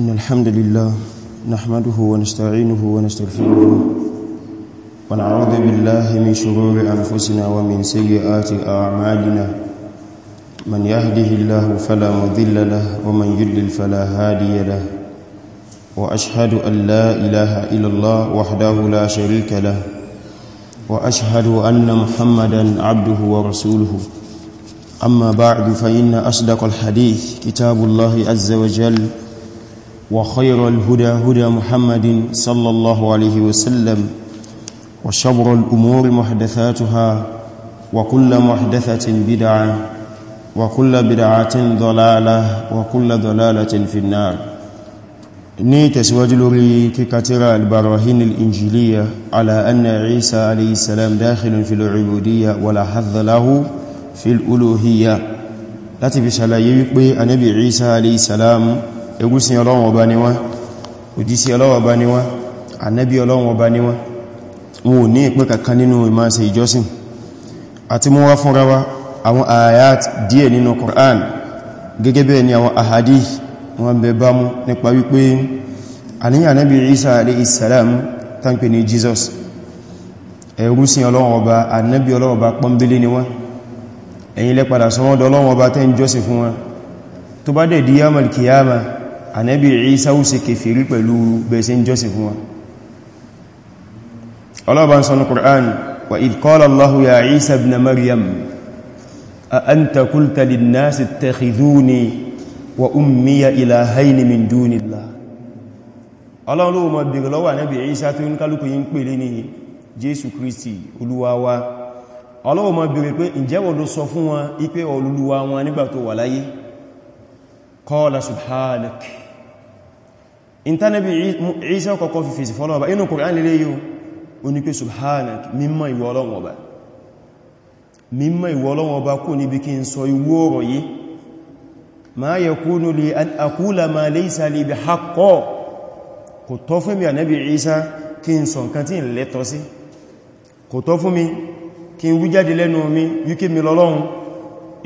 إن الحمد لله نحمده ونستعينه ونستغفره ونعوذ بالله من شرور أنفسنا ومن سيئات أعمالنا من يهده الله فلا مضل له ومن يضلل فلا هادي له وأشهد أن لا إله إلا الله وحده لا شريك له وأشهد أن محمدا عبده ورسوله أما بعد فإن أصدق الحديث كتاب الله عز وجل وخير الهدى هدى محمد صلى الله عليه وسلم وشبر الأمور محدثاتها وكل محدثة بدعة وكل بدعة ضلالة وكل ضلالة في النار ني تسواجلوري ككترة البراهين الإنجيلية على أن عيسى عليه السلام داخل في العبودية ولا حظ له في الألوهية لا تبسل يبقى أن عيسى عليه السلام ẹgúsí Ọlọ́run ọba ni wọ́n òjísí Ọlọ́run ọba ni wọ́n ànábí Ọlọ́run ọba ni wọ́n wọn ò ní ìpín kankan nínú ìmáṣe ìjọsìn àti mú wá fúnra wa àwọn ayat díẹ̀ nínú Qur'an gẹ́gẹ́ bẹ́ẹ̀ ni àwọn ahadith wọ́n bẹ bá mú nípa wípé àníyàn alayhi salam tánpẹ̀ Jesus ẹ̀rúsìn Ọlọ́run ọba ànábí Ọlọ́run ọba pọ́nbélé ni wọ́n ẹ̀yin lẹ́padà sọ wọ́n dọ́lọ́run ọba tẹ́ ń jọ́sìn tó bá dẹ̀ di yamal kiyama ànábì Ìsá ó ṣe kèfèrí pẹ̀lú bẹ̀ṣẹ́ ń jọ́sìn fún wa ọlọ́bà ń sọ ní Qur'an wa idh qala Allahu ya Isa ibn Maryam a anta qulta lin-nasi ittakhidhuni wa ummiya ilahayni min dunillah ọlọ́run ló mọ̀ bèèrè lọ́wọ́ ànábì Ìsá tó ń kálùkù yí ń pè lé ní wa ọlọ́wọ́ mọ̀ bèèrè pé ìjẹ́wọ̀ ló sọ fún wọn ìntánẹ́bí Ìsá kọ́kọ́ fi fèsì fọ́nà ọba inú Kùrán lè yíò o ní pé subhanak mímọ́ ìwọ Ọlọ́run ọba mímọ́ ìwọ Ọlọ́run ọba kò níbi kí n sọ ìwọ ọ̀rọ̀ yìí ma yakunu li an aqula ma laysa li bihaqqo kò tọ́ fún mi ànábì Ìsá kí n sọ nǹkan tí n lẹ́tọ̀ sí kò tọ́ fún mi kí n wí jáde lẹ́nu mi wíkí mi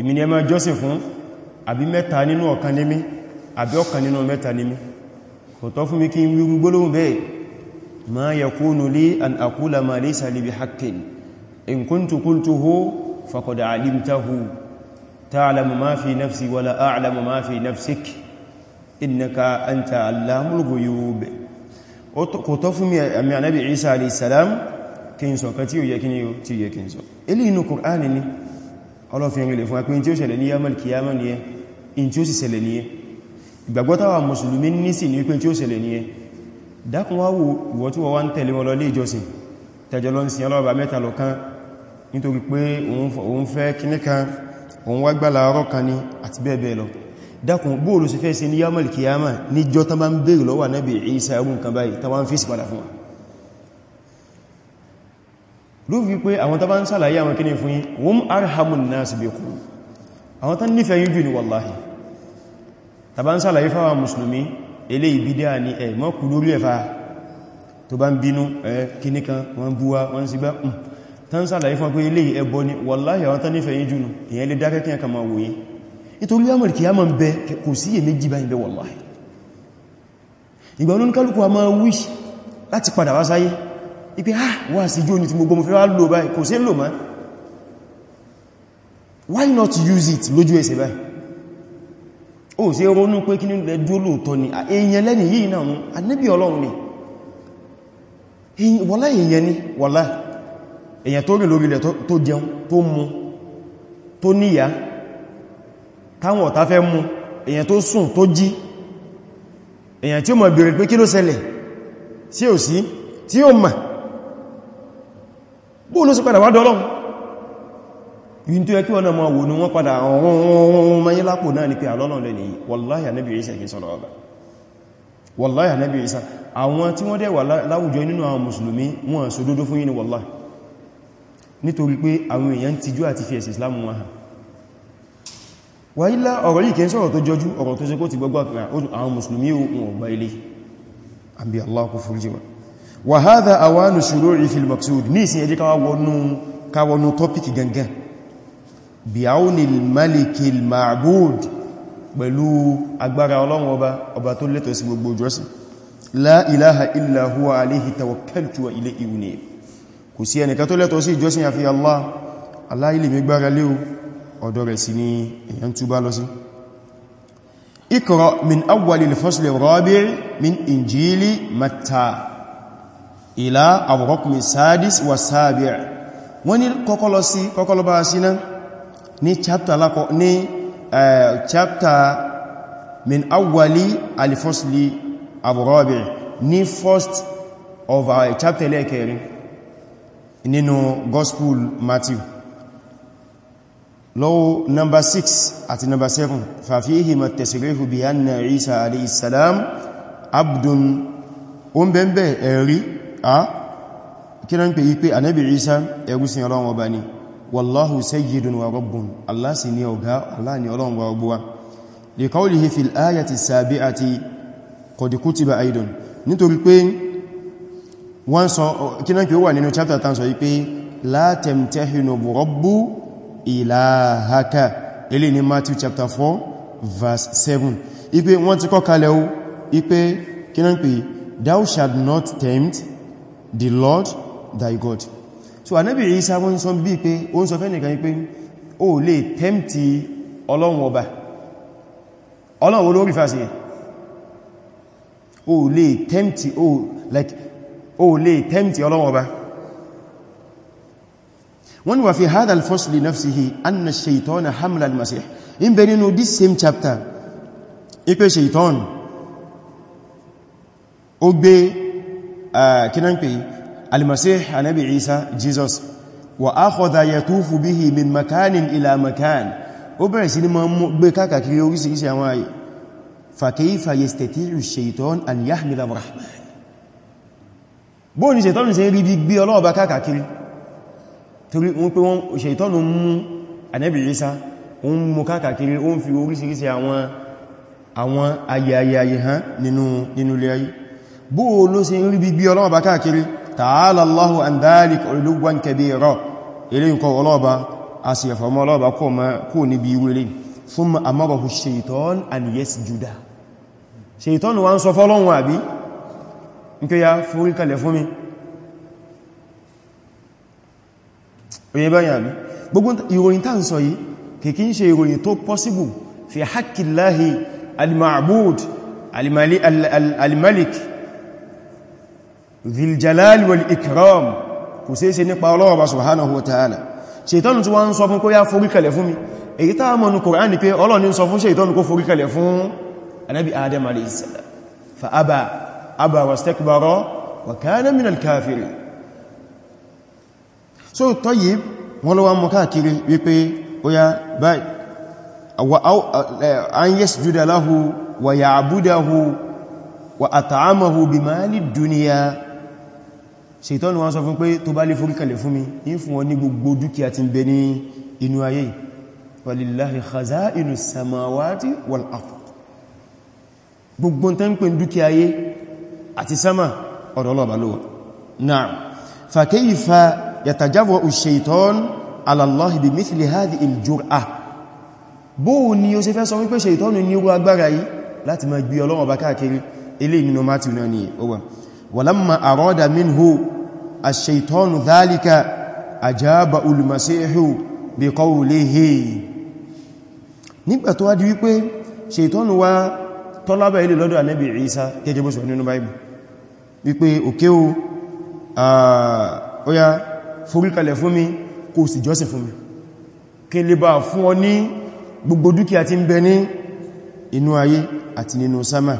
ìmìnira jọ́sìn fún àbí mẹ́ta nínú ọ̀kan ní mi àbí ọ̀kan nínú mẹ́ta ní mi kò tọ́ fún mi kí n wí gbólóhùn bẹ́ẹ̀ ma yakunu li an aqula ma laysa li bihaqqin in kuntu qultuhu faqad alimtahu ta'lamu ma fi nafsi wala a'lamu ma fi nafsik innaka anta allamul ghuyub kò tọ́ fún mi àmì ànábì Isa alayhi kí n sọ kan tí ó yẹ kí ni ó tí yẹ kí n sọ ilé inú Kùránì ni ọlọ́fin rẹ̀ fún apin tí ó ṣẹlẹ̀ ní yamal kiyama ni ẹ in tí ó sì ṣẹlẹ̀ ni ẹ ìgbàgbọ́ táwa mùsùlùmí nísì ní pé tí ó ṣẹlẹ̀ ní ẹ dákun wá wo ìwọ tí wọ́n wá ń tẹ̀lé wọn lọ lé ìjọsìn tẹjọ lọ ń sin ọlọ́ọ̀bà mẹ́ta lọ kan nítorí pé òun fẹ́ kíní kan òun wá gbàlà ọ̀rọ̀ kan ní àti bẹ́ẹ̀ bẹ́ẹ̀ lọ dákun bóòlù sí fẹ́ sí ní yamal kiyama níjọ tán bá ń bèèrè lọ́wọ́ Ànábì Ìsá ẹrù nǹkan báyìí tán wá ń fèsì padà fún wọn pé àwọn tán bá ń sàlàyé àwọn kíní fún yí wọ́n arhamun nas bikum àwọn tán nífẹ̀ẹ́ yín jù wallahi tàbá ń sàlàyé fáwọn musulmi ilé ìbídíà ni ẹ̀ mọ́ kú lórí ẹ̀fà tó bá ń bínú ẹ̀ kíní kan wọ́n búwa wọ́n sí gbá tán sàlàyé fún pé ilé ẹbọ ni wàláhì àwọn tán nífẹ̀ẹ́ jùnú èyàn lè dákẹ́ kí a kàmà wòye nítorí àmàrì kìí àmà ń bẹ kò sí èmé ah, why not use it lójú ẹsẹ̀ báyìí ó ṣe ronú pé kí ní ilẹ̀ dúró lóòtọ́ ni èèyàn lẹ́ni yìí náà mú ànábì ọlọ́run ni wọ́lá èèyàn ni wọ́lá èèyàn tó rí lórí ilẹ̀ tó jẹun tó mu tó níyà táwọn ọ̀tá fẹ́ mú èèyàn tó sùn tó jí èèyàn tí ó mọ̀ bèèrè pé kí ló ṣẹlẹ̀ sí ò sí tí ó mọ̀ bóò ló padà wádọ́ ọlọ́run yìí tó yẹ kí wọ́n náà ma wò ní wọ́n padà ọ̀rún mayí lápò náà ni pé àlọ́nà lẹ́ni wallahi Ànábì Ìsá kí sọ́nà ọba wallahi Ànábì Ìsá àwọn tí wọ́n dẹ̀ wà láwùjọ nínú àwọn mùsùlùmí wọ́n sọ dódó fún yín wallahi nítorí pé àwọn èèyàn tijú àti fi ẹ̀sì Islam wọn hàn wáyílá ọ̀rọ̀ yìí kẹ́ sọ̀rọ̀ tó jọjú ọ̀rọ̀ tó ṣe kó ti gbọ́gbọ́ àwọn bi'auni al-maliki al-ma'bud pẹ̀lú agbára ọlọ́run ọba ọba tó lẹ́tọ̀ sí gbogbo ìjọsìn la ilaha illa huwa alayhi tawakkaltu wa ilayhi unib kò sí ẹnìkan tó lẹ́tọ̀ sí ìjọsìn àfi Allah Allah ilé mi gbára lé o ọ̀dọ̀ rẹ̀ sí ni èyàn túbá lọ sí iqra min awwali al-fasli ar-rabi' wọ́n ni kọ́kọ́lọ sí kọ́kọ́lọ bá sí náà ní chapter lákọ ní chapter min awwali alifosli aburabi ní first of our chapter lẹ́ẹ̀kẹrin nínú gospel Matthew lọ́wọ́ number 6 àti number 7 fàfíhì ma tẹ̀sìrìhù bí yán Isa alìsàlám abdùn o ń bẹ̀m̀bẹ̀ ẹ̀rí a kí náà ń pè yí pé ànábì Isa ẹ̀rúsìn ọlọ́run ọba ni wallahu sayyidun wa rabbun Allah sì ni ọ̀gá Allah ni ọlọ́run wa ọgbọ́wa li qawlihi fil ayati sabi'ati qad kutiba aidan nítorí pé wọ́n sọ kínan kí ó wà nínú chapter tán sọ wípé la tamtahinu rabbu ilahaka ilé ni Matthew chapter 4 verse 7 ipé wọ́n ti kọ́ kalẹ̀ o ipé kínan pé thou shalt not tempt the Lord thy God so ànábì Ìsá wọ́n sọ bí pé ó ń sọ fẹ́nìkan pé ó lè tẹ́mtì ọlọ́run ọba ọlọ́run olórí fásí ẹ̀ ó lè tẹ́mtì ó like ó lè tẹ́mtì ọlọ́run ọba wọ́n ni wà fi hadha al-fasli nafsihi anna shaitana hamla al-masih in bẹ nínú this same chapter ipe shaitan ó gbé ah, kí náà ń المسيح النبي عيسى جيسوس وأخذ يطوف به من مكان إلى مكان وبرع سينما بكاكا كيوريس إيسى واي فكيف يستطيع الشيطان أن يحمل الرحمن بون الشيطان سيري بيك بي الله بكاكا كيري torí wọ́n pé wọ́n ṣètọ́nù mú ànẹ́bì rísá wọ́n mú káàkiri ó ń fi oríṣiríṣi àwọn ayẹyẹ ayẹ hàn nínú ilé ayé bóò ló ṣe ń rí bí bí ọlọ́wọ́ bá káàkiri ta'ala Allahu an dhalik uluwan kabira ilé nǹkan ọlọ́ba a sì ẹ̀fọ́ mọ́ ọlọ́ba kó níbi ìwélé thumma amarahu shaytan an yasjuda shaytan wa ń sọ fọ́lọ́wọ́ àbí nke ya forí kalẹ̀ fún mi oye báyà bí gbogbo ìròyìn sọ yìí kìkí possible fi haqqi Allahi al-ma'bud dhil jalal wal ikram kò sí ṣe nípa Ọlọ́run Ọba subhanahu wa ta'ala ṣètọ́nù tí wọ́n ń sọ fún kó yá foríkalẹ̀ fún mi èyí tá mọ̀ ní Kùránì pé Ọlọ́run ń sọ fún ṣètọ́nù kó foríkalẹ̀ fún anábi Adam alayhi salam fa aba aba wastakbara wa kana minal kafirin ṣètọ́nù wọn sọ fún pé tó bá lè foríkalẹ̀ fún mi yí fún wọn ní gbogbo dúkìá tí ń bẹ ní inú ayé walillahi khaza'inu samawati wal ardh gbogbo tó ń pè ní dúkìá ayé àti sama ọ̀dọ̀ Ọlọ́run ló wà náà fa kayfa yatajawwa'u ash-shaytan 'ala Allahi bi ولما أراد منه الشيطان ذلك أجاب المسيح بقوله nígbà tó wá di wípé ṣètọ́nù wá tọ́lábà ilé lọ́dọ̀ ànẹ́bì Ìsá gẹ́gẹ́ bó ṣe nínú báyìí wípé òkè o ọya foríkalẹ̀ fún mi kò sì jọ́sìn fún mi kí lè bá fún ọ ní gbogbo dúkìá tí ń bẹ ní inú ayé àti nínú sámà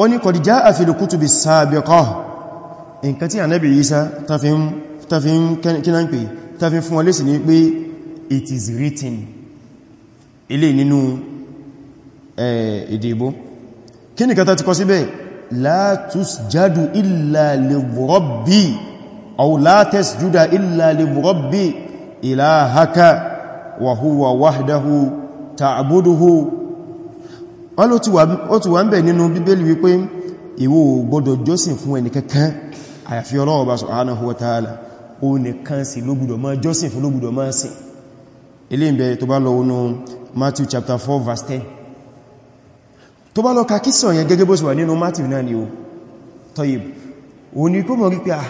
ó ní kọ̀dí já a fil kutubi sabiqah nǹkan tí ànábì Isa tafin kínan pé tafin fún wọlé ní pé it is written ilé nínú ìdìbò kí ni kata ti kọ síbẹ̀ la tusjadu illa li rabbi aw la tasjuda illa li wọ́n ló ti wà ń bẹ̀ nínú bíbélì wípé ìwọ ò gbọdọ̀ jọ́sìn fún ẹni kankan àyàfi Ọlọ́run bá subhanahu wa ta'ala ó nìkan sí ló gbọdọ̀ máa jọ́sìn fún ló máa sìn ilé ìbẹ̀ tó bá lọ wọnú Matthew chapter 4 verse 10 tó bá lọ ka kísọ̀ yẹn gẹ́gẹ́ bó Matthew náà ni ó tọ́yìb ó ní kó mọ̀ rí pé ah,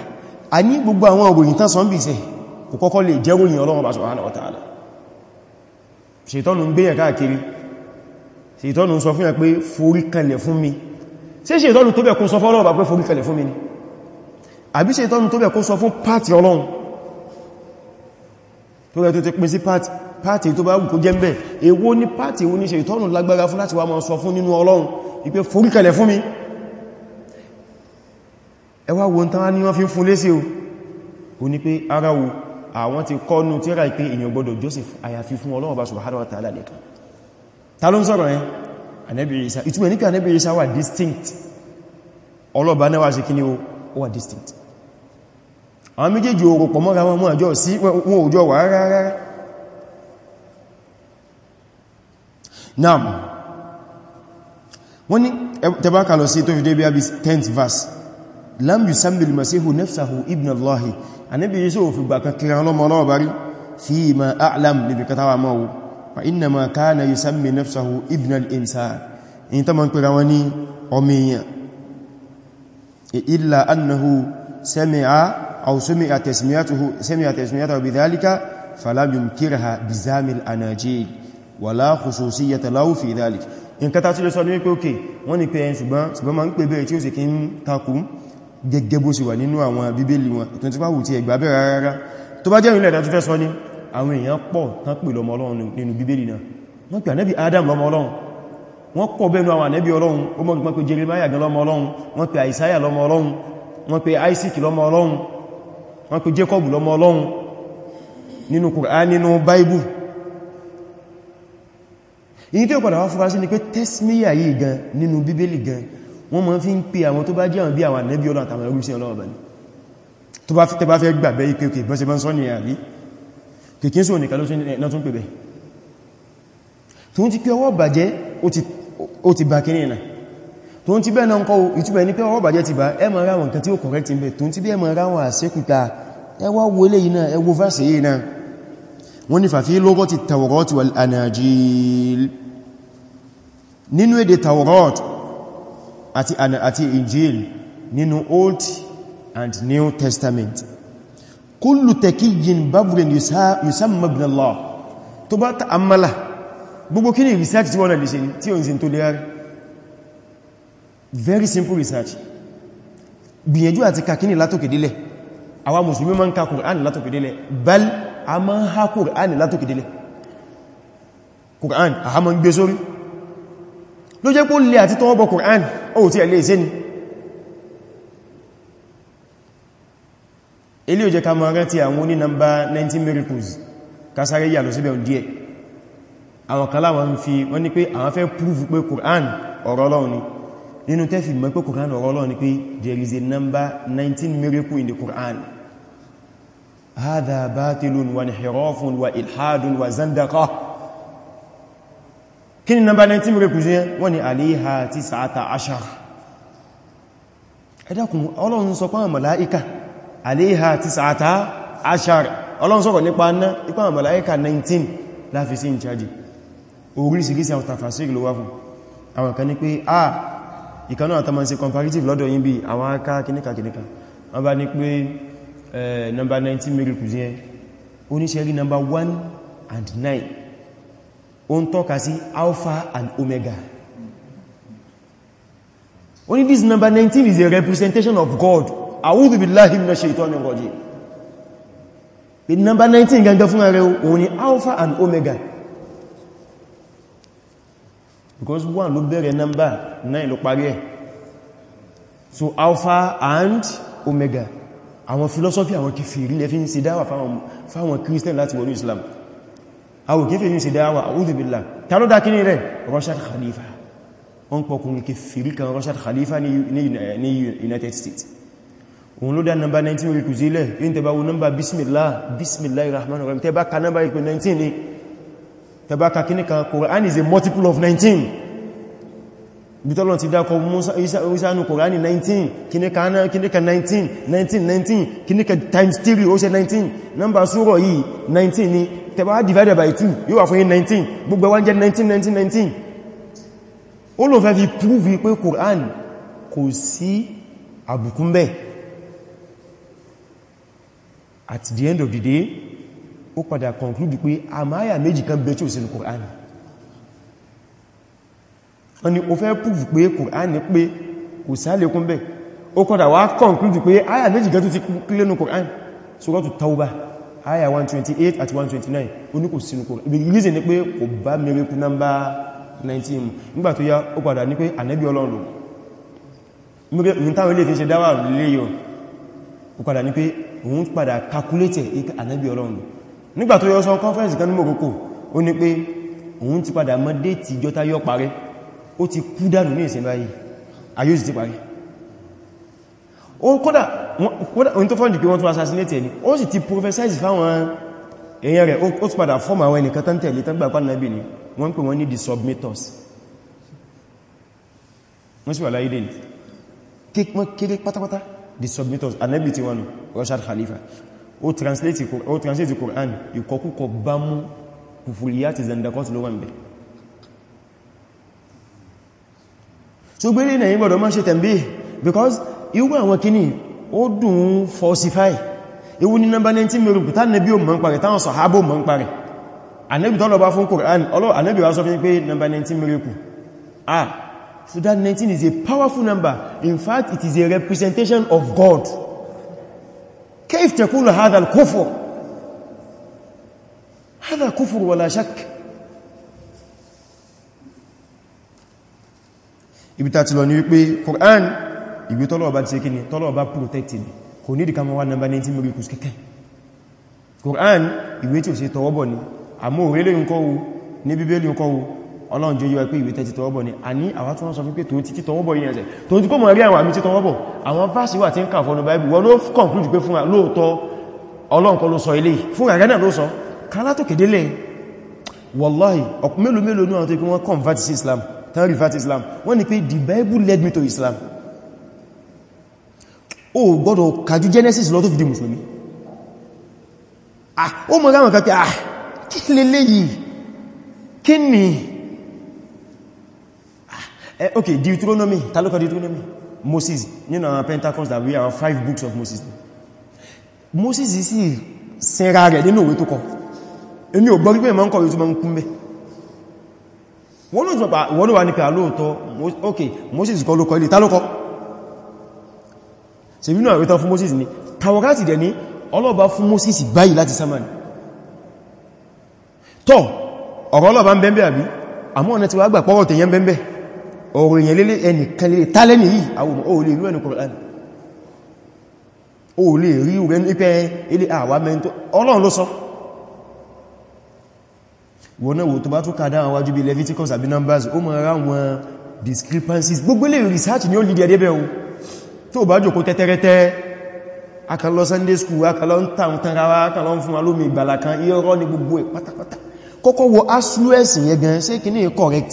a ní gbogbo àwọn ògbòyìn tán sọ́n bìí kò kọ́kọ́ lè jẹ́ròyìn Ọlọ́run bá sí ìtọ́nù sọ fún ẹ pé foríkalẹ̀ fún mi ṣe ṣe ìtọ́nù tó bẹ̀ kún sọ fún ọlọ́ọ̀bà pé foríkalẹ̀ fún mi ni àbí ṣe ìtọ́nù tó bẹ̀ kún sọ fún pàtì ọlọ́run tó rẹ̀ tó ti pín sí pàtì tó bá wù kó jẹ́ ń bẹ̀ èwo ní pàtì wo ní ṣe ìtọ́nù lágbára fún láti wá máa sọ fún nínú ọlọ́run ìpé foríkalẹ̀ fún mi ẹ wá wo tán ní wọ́n fi ń fún lésì o ò ní pé ara wo àwọn ti kọ́nu tíra ìpé èèyàn gbọ́dọ̀ Joseph àyàfi fún ọlọ́run bá subhanahu wa ta'ala nìkan ta ló ń sọ̀rọ̀ yẹn anẹ́bì isa ìtumẹ̀ ní pé anẹ́bì isa wà distinct ọlọ́ba náà wà sí kíní ó wà distinct àwọn méjèèjì oòrùn pọ̀ mọ́ra wọn àjọ sí wọn òjò wà rárá naam wọ́n ní tẹbákà lọ sí tó fi débi abis 10th verse lam yusambil masihu nafsahu ibn allahi anẹ́bì isa ò fi gbà kan kíra ọlọ́mọ ọlọ́ọ̀bá rí fi ma a'lam níbi katawa mọ́wọ́ wa inna ma kana yusammi nafsahu ibn al-insan in ta man pera wani omiyan e illa annahu sami'a aw sami'a tasmiyatuhu sami'a tasmiyatuhu bidhalika falam yunkirha bizamil anajil wala khususiyyata lahu fi dhalik in ka ta ti le sọ ní pé oke wọ́n ní pé en ṣùgbọ́n ṣùgbọ́n ma ń pè bẹ́ẹ̀ tí ó sì kí ń takú gẹ́gẹ́ bó sì wà nínú àwọn bíbélì wọn tó ti pàwù ti ẹgbà bẹ́ẹ̀ rárá tó bá jẹ́ ìrìnlẹ̀ ìdájú fẹ́ sọ ní àwọn èèyàn pọ̀ tán pè lọ́mọ ọlọ́run nínú bíbélì náà wọ́n pè ànábì adam lọ́mọ ọlọ́run wọ́n pọ̀ bẹ́nu àwọn ànábì ọlọ́run ó mọ́ gbọ́n pé jeremiah gan lọ́mọ ọlọ́run wọ́n pè isaiah lọ́mọ ọlọ́run wọ́n pè isaac lọ́mọ ọlọ́run wọ́n pè jacob lọ́mọ ọlọ́run nínú Kùránì nínú bible èyí tí ó padà wá fúra sí ni pé tẹ́símíyà yìí gan nínú bíbélì gan wọ́n máa fi ń pe àwọn tó bá jẹ́ àwọn bí àwọn ànábì ọlọ́run àtàwọn ẹrú sí ọlọ́run bá ní tó bá fẹ́ gbàgbẹ́ ìpé òkè bọ́sẹ̀ bọ́n sọ́nìyàn rí kìkín sí òníkà eh, ló tún pèbẹ̀ tó ń ti pé ọwọ́ bàjẹ́ ó ti bà kìí nà tó ń ti bẹ́ẹ̀ náà ń kọ́ ìtúbẹ̀ ní pé ọwọ́ bàjẹ́ ti bà ẹmọ ráwọn nǹkan tí ó correct ń bẹ̀ tó ń ti bí ẹmọ ráwọn àṣẹ́kùta ẹwà wo and New Testament kullu takiyyin babrin yusamma ibn Allah tó bá ta'ammala gbogbo kí ni research tí wọ́n na lè ṣe tí o n sin tó lè very simple research gbìyànjú àti kàkíní látòkèdélẹ̀ àwa musulmi ma ń ka Kùránì látòkèdélẹ̀ bal a ma ń ha Kùránì látòkèdélẹ̀ Kùránì a ha ma ń gbé sórí ló jẹ́ pó lè àti tọwọ́bọ̀ Kùránì ó ti ẹ̀ lè ilé ò jẹ́ ká máa rántí àwọn oní nọmbà 19 miracles kásáré yà lọ síbẹ̀ díẹ̀ àwọn kalá wọn fi wọ́n ní pé àwọn fẹ́ prúfù pé Qur'an ọ̀rọ̀ Ọlọ́run ni nínú tẹ́fì mọ́ pé Qur'an ọ̀rọ̀ ni pé there is 19 miracle in the Qur'an hadha batilun wa nihirafun wa ilhadun ni 19 miracles yẹn wọ́n ni aliha tis'ata ashar ẹ̀dàkùn àléhà ti sàátà àṣàrì ọlọ́run sọ̀rọ̀ nípa ná ipá àmàláíkà 19 láfi sí ìjájì orísìírísìí àwọn tàfàsírí ló wá fún àwọn kan ní pé à ìkanú àtàmà sí comparative lọ́dọ̀ yín bí àwọn aká kìníkà kìníkà wọ́n bá ní pé number 19 miracles yẹn oníṣẹ́rí number 1 and 9 ó ń tọ́ka sí alpha and omega only this number 19 is a representation of God a'udhu billahi minash shaitanir rajim bí number 19 gangan fún ààrẹ òun ni alpha and omega because 1 ló bẹ̀rẹ̀ number 9 ló parí ẹ̀ so alpha and omega àwọn philosophy àwọn kìfìrí lè fi ń ṣe dáwà fáwọn christian láti wọnú islam àwọn kìfìrí ń ṣe dáwà a'udhu billahi ta ló dákí ní rẹ̀ Rashad Khalifa wọ́n pọkùnrin kìfìrí kan Rashad Khalifa ní United States òun ló dá nọmbà 19 orí kùsílẹ̀ yíò tẹba wo nọmbà bismillah bismillah rahman rahim tẹba ka nọmbà ìpè 19 ni tẹba ka kíní kan is a multiple of 19 bitọ́lọ̀ ti dákọ ìsánú Quran 19 kíní kan 19 19 19 kíní kan times 3 ó ṣe 19 nọmbà súrọ̀ yìí 19 ni tẹba divided by 2 yóò wà fún 19 gbogbo wọn jẹ́ 19 19 19 ó lò fẹ́ fi prove pé Quran kò sí àbùkún at the end of the day ó padà conclude pé àmáyà méjì kan bẹ̀ tí ó sínú Qur'an wọ́n ni ó fẹ́ prove pé Qur'an pé kò sálẹ̀ kún bẹ̀ ó padà wá conclude pé àyà méjì kan tó ti kílẹ̀ nù Qur'an Suratu Tawbah àyà 128 àti 129 oní kò sínú Qur'an ibi reason ni pé kò bá mẹ́rẹ́kú nọ́mbà 19 nígbà tó yá ó padà ní pé ànẹ́bí Ọlọ́run mẹ́rẹ́ ìrìntàwẹ́lẹ́ fi ṣe dáwà lè yọ òun padà calculate ikẹ́ ànábì ọlọ́run nígbà tó yọ sọ conference kan ní mọ̀kókò ó ní pé òun ti padà mọ́ déètì ìjọta yọ parẹ́ ó ti kú dànù ní ìsìn báyìí ayóòsì ti parẹ́ ó kódà òun tó fọ́njù pé wọ́n tún assassinate ẹni ó sì ti prophesize fáwọn èèyàn rẹ̀ ó ti padà fọ́mù àwọn ẹnìkan tán tẹ̀lé tán gbà pàdánàbì ni wọ́n pè wọ́n ní the submitters wọ́n sì wà láyé dé ní kékeré pátápátá the submitters anabi ti wọnù Rashad Khalifa ó translate Quran ìkọkúkọ bá mú kùfùlìyàtì zandakọ́tù ló wà ń bẹ̀ so gbé ní ẹ̀yìn gbọ́dọ̀ máa ṣe tẹ̀m̀bí because irú àwọn kíní ó dùn falsify ewu ní nọ́mbà 19 mẹ́rùn pẹ̀tà nẹ́bí o mọ́ ń parẹ̀ táwọn sọ̀hábò mọ́ ń parẹ̀ anẹ́bì tọ́lọ bá fún Quran ọlọ́ anẹ́bì wá sọ fún pé nọ́mbà 19 mẹ́rùn ah So that 19 is a powerful number. In fact, it is a representation of God. كيف تقول هذا الكفر هذا كفر ولا شك ibi tàti lọ ní wípé Qur'an ìgbé tolo ọba ti ṣe kíni tọ́lọ̀ ọba protected kò ní ìdíkà mọ́wàá nàmbà 19 miracles kẹ́kẹ́ Qur'an ìwé tí to ṣe tọwọ́bọ̀ ni àmọ́ òrèlè ń kọ́wú ní bíbélì ń kọ́wú ọlọ́run jẹ́ yíwa pé ìwé tẹ́tí tọwọ́bọ̀ ni a ní àwọn tí wọ́n sọ fún pé tóun ti kí tọwọ́bọ̀ yìí ẹ̀sẹ̀ tóun ti kó mọ̀ rí àwọn àmì tí tọwọ́bọ̀ àwọn fásí wà tí ń kà fọ́nù báibù wọ́n ló kọ̀nkújù pé fún lóòtọ́ ọlọ́run kọ́ ló sọ ilé fún àgá náà ló sọ kálátò kèdélẹ̀ wallahi ọ̀pọ̀ mélòó mélòó ní àwọn tó kí wọ́n convert sí Islam tán revert Islam wọ́n ní pé the Bible led me to Islam ó gbọ́dọ̀ kàjú Genesis lọ tó fi di mùsùlùmí ah ó mọ̀ ráwọn kàkẹ́ ah kí lè léyìí kí ni eh, ok Deuteronomy ta ló Deuteronomy Moses nínú àwọn Pentacles. that we are five books of Moses Moses sì sẹ́ra rẹ̀ nínú òwe tó kọ èmi ò gbọ́rí pé ìmọ̀ ń kọ̀wé tó máa ń kú mẹ́ wọ́n ló wà ní pé àlóòtọ́ ok Moses kọ́ ló kọ ilé ta ló kọ ṣe bínú àwẹ́tọ́ fún Moses ni Tawrati dẹ̀ ní ọlọ́ọ̀bá fún Moses báyìí láti sámà ní tọ́ ọ̀rọ̀ ọlọ́ọ̀bá ń bẹ́m̀bẹ̀ àbí àmọ́ ọ̀nà ti wà gbà pọ́rọ̀ tẹ̀yẹn bẹ́m̀bẹ̀ ọ̀rọ̀ èèyàn lélé ẹnìkan lè tálẹ́nì yìí àwọn o lè rí ẹnu Kùránì o lè rí rẹ̀ ní pẹ́ ilé àwà mẹ́ntọ́ Ọlọ́run ló sọ wọ́n náà wò tó bá tó kàdá àwọn bí Leviticus àbí Numbers ó mọ̀ ara wọn discrepancies gbogbo lè research ni ó lè dẹ̀ bẹ̀ tó bá jòkó tẹ́tẹ́rẹ́tẹ́ akalọ Sunday school akalọ ń tàun tán rawa akalọ ń fún wa lómi ìgbàlà kan irọ́ ní gbogbo ẹ̀ pátápátá kọ́kọ́ wo asluence yẹn gan ṣé kí ní correct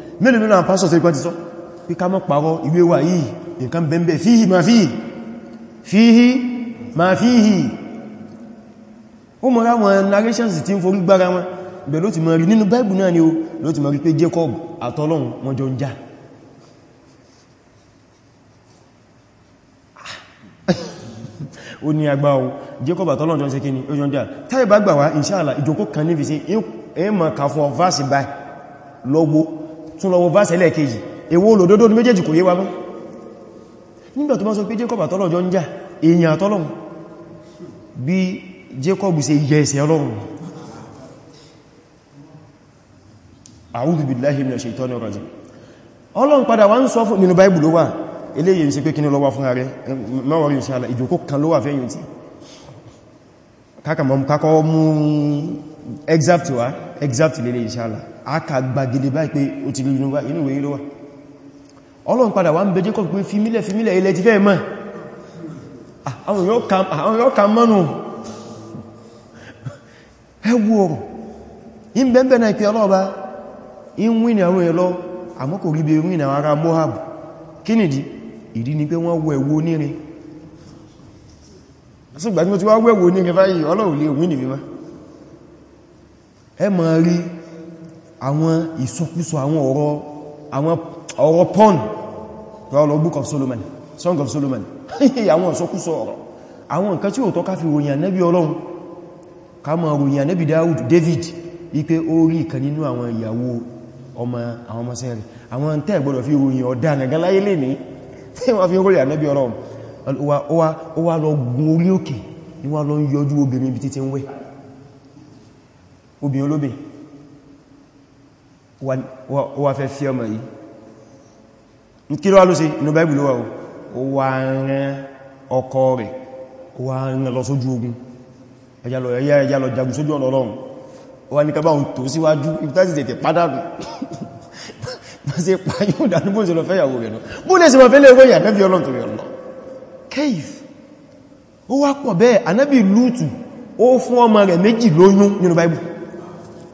mélòó nínú àwọn pásọ̀ tẹ́gbà ti sọ pé ká mọ́ pàrọ ìwé wa yìí nǹkan bẹ̀m̀bẹ̀ fíhì ma fíhì fíhì ma fíhì ó mọ́ ráwọn narrations tí ń forí gbára wọn ibẹ̀ ló ti mọ̀ rí nínú Bible náà ni ó ló ti mọ̀ rí pé Jacob àtọlọ́run o Jacob àtọlọ́run jọ ń ṣe kí ni ó jọ ń jà táìbá gbà wá inshallah ìjókòó kan níbi sí ẹ máa kà fún ọ fásì lọ́gbó tún lọ́wọ́ bá sẹ́lẹ̀ kejì èwo olódodo ní méjèèjì kò yé wa mọ́ nígbà tó bá sọ pé Jacob àtọ́lọ́jọ́ ń jà èèyàn àtọ́lọ́run bí Jacob ṣe yẹ ẹsẹ̀ Ọlọ́run a'udhu billahi minash shaitani rajim Ọlọ́run padà wá ń sọ fún nínú Báìbù ló wà eléyìí ń ṣe pé kí ní lọ́wọ́ fún ààrẹ mẹ́wọ̀rí ìṣàlá ìjòkó kan ló wà fẹ́yìn tí kákàmọ́ mú exact wá exact lélẹ̀ ìṣàlá àkàgbàgìdì báyìí pé ó ti rí inú ìwé ìlú wa ọlọ́run padà wá ń bẹ Jacob pé fímílẹ̀ fímílẹ̀ ilẹ̀ ti fẹ́ mọ́ àwọn yóò ká mọ́nù ẹwọ ọ̀rọ̀ in bẹ́ẹ̀bẹ̀ náà pé ọlọ́ọ̀bá in wí ní àwọn ẹ̀lọ́ àmọ́ rí ara Moab kí ni pé wọ́n àwọn ìsọkúsọ àwọn ọ̀rọ̀ àwọn ọ̀rọ̀ pọ́n lọ book of Solomon song of Solomon àwọn ìsọkúsọ ọ̀rọ̀ àwọn nǹkan tí ó tọ́ ká fi ròyìn ànẹ́bí Ọlọ́run ká mọ̀ ròyìn ànẹ́bí David David wípé ó rí ìkan nínú àwọn ìyàwó ọmọ àwọn ọmọ sẹ́rẹ̀ àwọn tẹ́ gbọ́dọ̀ fi ròyìn ọ̀dá nàgán láyé lè ní tí wọ́n fi ròyìn ànẹ́bí Ọlọ́run ó wá lọ gun orí òkè ni wọ́n lọ ń yọjú obìnrin ibi títí ń wẹ́ obìnrin olóbìnrin wà fẹ́ fi ọmọ yìí ní kí ló wá ló ṣe inú báìbù ló wà ó wà rán ọkọ rẹ̀ wà rán lọ sójú ogun ẹjá lọ ẹyá ẹjá lọ jagun sójú ọ̀nà ọlọ́run wà ní kábáhùn tó síwájú ìtàtí tètè pádàdù bá ṣe pàyún ìdánúbò ṣe lọ fẹ́ ìyàwó rẹ̀ náà bó lè ṣe mọ̀ fẹ́ lè wọ́ ìyànẹ́bí ọlọ́run torí ọlọ́ kẹ́yìf ó wá pọ̀ bẹ́ẹ̀ ànábì lúùtù ó fún ọmọ rẹ̀ méjì lóyún nínú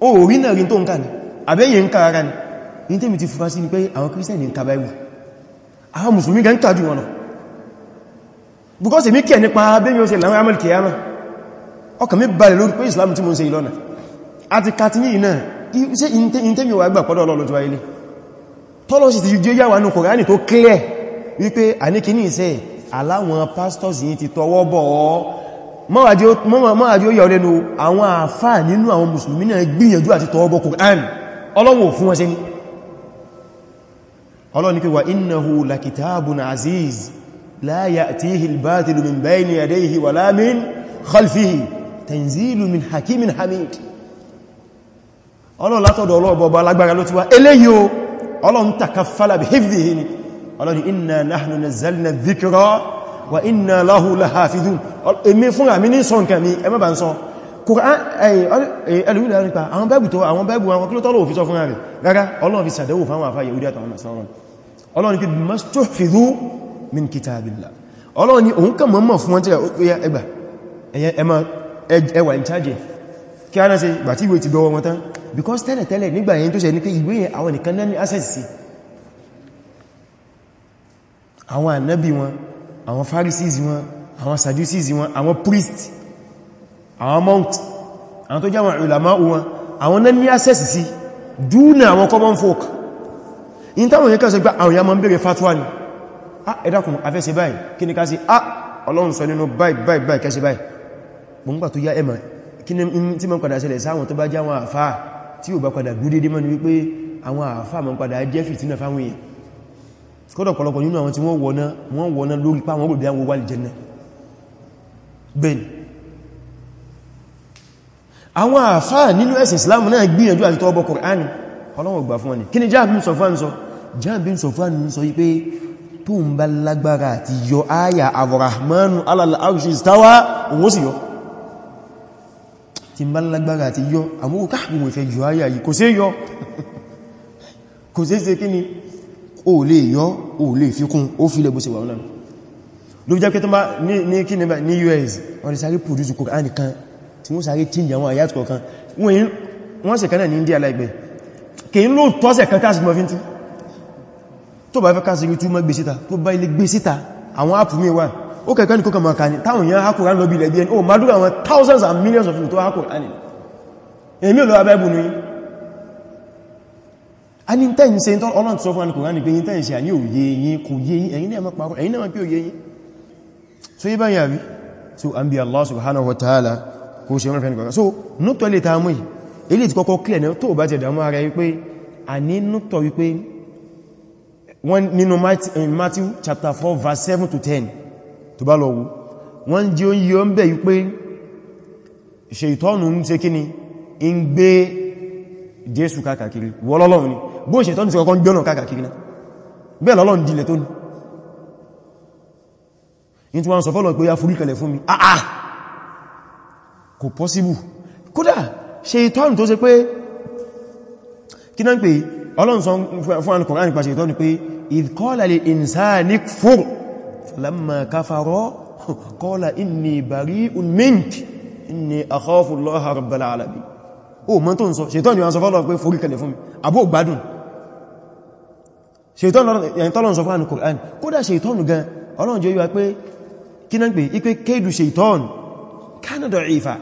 o rí náà rí tó ń ká ní àbẹ́yẹ ń ká ara ní ní tẹ́mi ti fura sí ní pé àwọn kírísítẹ̀nì ń ká báìbù àwọn mùsùlùmí gan kájú wọn lọ because èmi kẹ́ nípa abẹ́yẹ oṣe láwọn amẹ́lì kìyàmà ọkàn mi balẹ̀ lórí pé Islam tí mo ń ṣe ìlọ́nà àti katini iná ṣe ìntẹ́mi wà gbà pọ́dọ̀ ọlọ́lọ́ tó wáyé tọ́lọ́ sì ti jẹ́ yà wà ní Kòránì tó clear wípé àníkíní ìṣẹ́ aláwọn pastors yìí ti tọwọ́ bọ̀ mọ́wàá jí ó yà ọlẹ́nu àwọn àfáà nínú àwọn mùsùlùmí náà gbìyànjú àti tọwọ́bọ̀ Kùránì ọlọ́wọ̀ fún wọn ṣe ní ọlọ́ni pé wa innahu lakitabun aziz la ya'tihi al-batilu min bayni yadayhi wala min khalfihi tanzilu min hakimin hamid ọlọ́run látọ̀dọ̀ ọlọ́ọ̀bọ̀ alágbára ló ti wá eléyìí o ọlọ́run takaffala bi hifdhihi ni ọlọ́run wa inna lahu lahafidhun èmi fún àmì ní sọ nǹkan mi ẹ má bá ń sọ Kùrán ẹlùwìlà nípa àwọn báìbù tó àwọn báìbù àwọn kí ló tọ́lọ̀ òfin sọ fún rẹ̀ rárá Ọlọ́run fi sàdẹ̀wò fáwọn àfá Yahudi àtàwọn because tẹ́lẹ̀ tẹ́lẹ̀ nígbà yẹn tó ṣe ní pé ìwé yẹn àwọn nìkan ní access sí àwọn ànábì wọn àwọn pharisees wọn àwọn sadducees wọn àwọn priest àwọn mount àwọn tó jẹ́ àwọn ulama wọn àwọn náà ní access sí dúnà àwọn common folk in táwọn yíká sọ pé àwọn ya ma ń bèèrè fatwa ni ah, a ẹ̀dàkùn afẹ́sẹ̀ báyìí kí ni ká sí a ah, ọlọ́run sọ nínú báyìí báyìí báyìí kẹsẹ̀ báyìí gbọ́ngbà tó yá ẹ̀mà kí ni tí ma ń padà ṣẹlẹ̀ sáwọn tó bá jẹ́ àwọn àfáà tí ò bá padà gúdédé mọ́ ni wípé àwọn àfáà ma ń padà jẹ́ fìtínà kọ́dọ̀ pọ̀lọpọ̀ nínú àwọn tí wọ́n wọ́ná wọ́n wọ́ná lórí pàwọn ògbòdó àwọn wà Al-Jannah bẹ́ẹ̀ni àwọn àfáà nínú ẹ̀sìn Islam náà gbìyànjú àti tọ́ọ̀bọ̀ Kùránì Ọlọ́run gbà fún wọn ni kí ni Jahab bin Safwan 'ala al-'arshi istawa òun sì yọ tí ń bá lágbára àti yọ àmúkà kò sí ṣe kí ni o lè yọ o lè fikún ó filẹ̀ bó ṣe wà náà ló jẹ́ pé tó bá ní kí ní ní US wọ́n lè sáré pòdúsù Kùránì kan tí wọ́n sáré change àwọn àyàtù kọ̀ọ̀kan wọ́n ṣe kanáà ní India láìpẹ́ kìí ló tọ́sẹ̀ kan káàsì mọ́ fíntí tó bá fẹ́ káàsì rí túmọ̀ gbé síta tó bá ilé gbé síta àwọn áàpù mi wà ó kẹ̀kọ́ ní kókà mọ̀ká ní táwọn èèyàn hákù rán lọ́bí ilẹ̀ bí ẹni ó madúgbà àwọn thousands and millions of people tó hákù rán ní èmi ò lọ́wọ́ bẹ́ẹ̀bù a ní tẹ́ ìṣe tó ọlọ́n tó sọ fún alìkùnrin ní pé yí tẹ́ ìṣe àní òye yí kò yé yí ẹ̀yin náà pàrọ̀ ẹ̀yin náà pé òye yí so yí báyìí àrí so an bí Allah subhanahu wa ta'ala kò ṣe mọ́fẹ́ nìkan so nútọ̀ lè ta mú yìí ilé ti kọ́kọ́ clear náà tó bá jẹ dámọ́ ara wípé a ní nútọ̀ wípé wọ́n nínú eh, Matthew chapter 4 verse 7 to 10 tó bá lọ wú wọ́n jí ó yíó ń bẹ̀ wípé ṣe ìtọ́nù ń ṣe kíni ń gbé Jésù kákàkiri wọ́lọ́lọ́run ni bó ṣe tọ́nù sí ọkọ̀ ń gbọ́nà káàkiri náà bẹ́ẹ̀ lọ́lọ́n dílẹ̀ tó ní in tí wọ́n sọ fọ́lọ̀ pé ya fúrí kalẹ̀ fún mi àà ah, ah. kò pọ́síbù kódà ṣe tọ́nù tó ṣe pé kí náà pé Ọlọ́run sọ fún Al-Qur'an nípa ṣe tọ́nù pé ó mọ́ tó ń sọ ṣètọ́ ni wọ́n sọ fọ́lọ̀ pé forí kalẹ̀ fún mi àbó gbádùn ṣètọ́ ni sọ fọ́lọ̀ Kùránì kódà ṣètọ́ ni gan ọlọ́run jẹ́ yíwa pé kí náà pé ipé kéèdù ṣètọ́ ni Canada ifa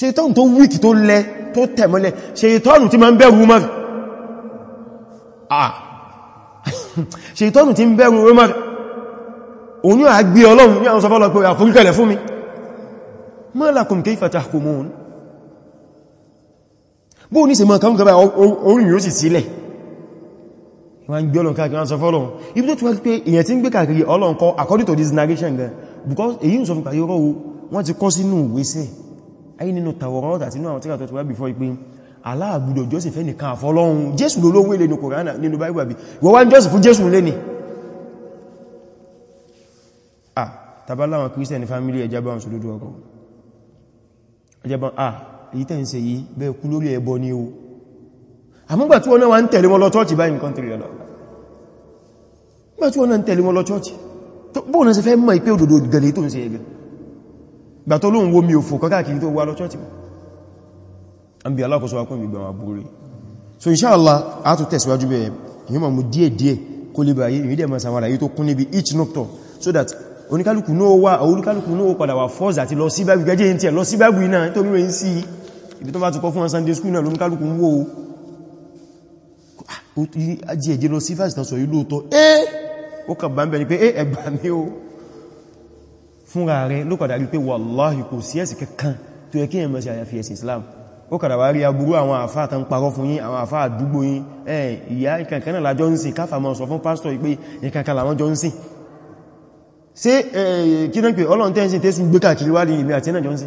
ṣètọ́ tó wíkì tó lẹ tó tẹ̀mọ́lẹ̀ ṣètọ́ ti ma ń bẹ̀rù Umar ṣètọ́ ti ń bẹ̀rù Umar òun yóò àgbé ọlọ́run ní àwọn sọ fọ́lọ̀ pé àforí kalẹ̀ fún mi ma lakum kayfa tahkumun bó ní se mọ́ kan gaba orin yóò sì sílẹ̀ wọ́n ń gbé ọlọ́n káàkiri wọ́n sọ fọ́lọ́n ibi tó túnwẹ́ pé èyàn tí ń gbé káàkiri ọlọ́n kọ́ according to this narration gan because èyí ń sọ fún kàyọ́rọ́ o wọ́n ti kọ́ sínú ìwésẹ̀ ayé nínú Tawrat àti inú àwọn tíra tó ti wá bí fọ́ ipin aláàgbùdọ̀ jọ́sìn fẹ́ nìkan àfọ́lọ́run Jésù lólówó ilé ní Kòránà nínú Bible àbí wọ́n wá ń jọ́sìn fún Jésù lé ní ah tàbá láwọn Christian family ẹjábá ń sọ lódó ọkọ̀ ẹjábá ah èyí tẹ́ ń ṣe yìí bẹ́ẹ̀ kú lórí ẹbọ ni o àmúgbà tí wọ́n náà wà ń tẹ̀lé wọn lọ chọ́ọ̀chì báyìí nǹkan tẹ̀lé lọ nígbà tí wọ́n náà ń tẹ̀lé wọn lọ chọ́ọ̀chì bóòna ṣe fẹ́ mọ̀ ìpé òdòdó gẹ̀lẹ̀ tó ń ṣe ẹgbẹ̀ gbà tó lóun wo mi òfò kọ́kàkiri tó wà lọ chọ́ọ̀chì an bí alákọ̀ọ́sọ́ akún ìgbà wà búrú rí so inṣáàlá a tó tẹ̀síwájú bẹ̀rẹ̀ èyí ma mú díẹ̀ díẹ̀ kó lè bá yìí dẹ̀ ma samara yìí tó kún níbi each nocturne so that oníkálùkù náà wà oníkálùkù náà padà wà fọ́s àti lọ sí bábù gẹ́jẹ́ yìí tí ẹ lọ sí bábù iná tó mú ibi tó bá ti kọ́ fún sunday school náà ló ń kálùkù ń wó o ajé ẹ̀jẹ́ lọ sí fásitán sọ ìlú ọ̀tọ̀ eh ó kàbà ń bẹ̀ ni pé eh ẹgbà mí o fúnra rẹ̀ ló kàdà rí pé wàláhì kò sí ẹ̀sì kankan tó yẹ kí ẹ̀mọ̀ sí àyàfi Islam ó kàdà wá rí aburú àwọn àfáà tán parọ́ fún yín àwọn àfáà àdúgbò yín ẹ̀ ìyá ìkankan náà lájọ́ ń sìn káfà mọ́ sọ fún pásítọ̀ ìpé ìkankan làwọn jọ ń sìn ṣe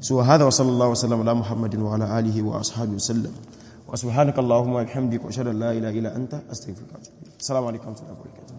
سوى هذا وصلى الله وسلم على محمد وعلى آله وأصحابه وسلم وسبحانك اللهم وبحمدك وأشهد أن لا إله إلا أنت أستغفرك السلام عليكم ورحمة الله وبركاته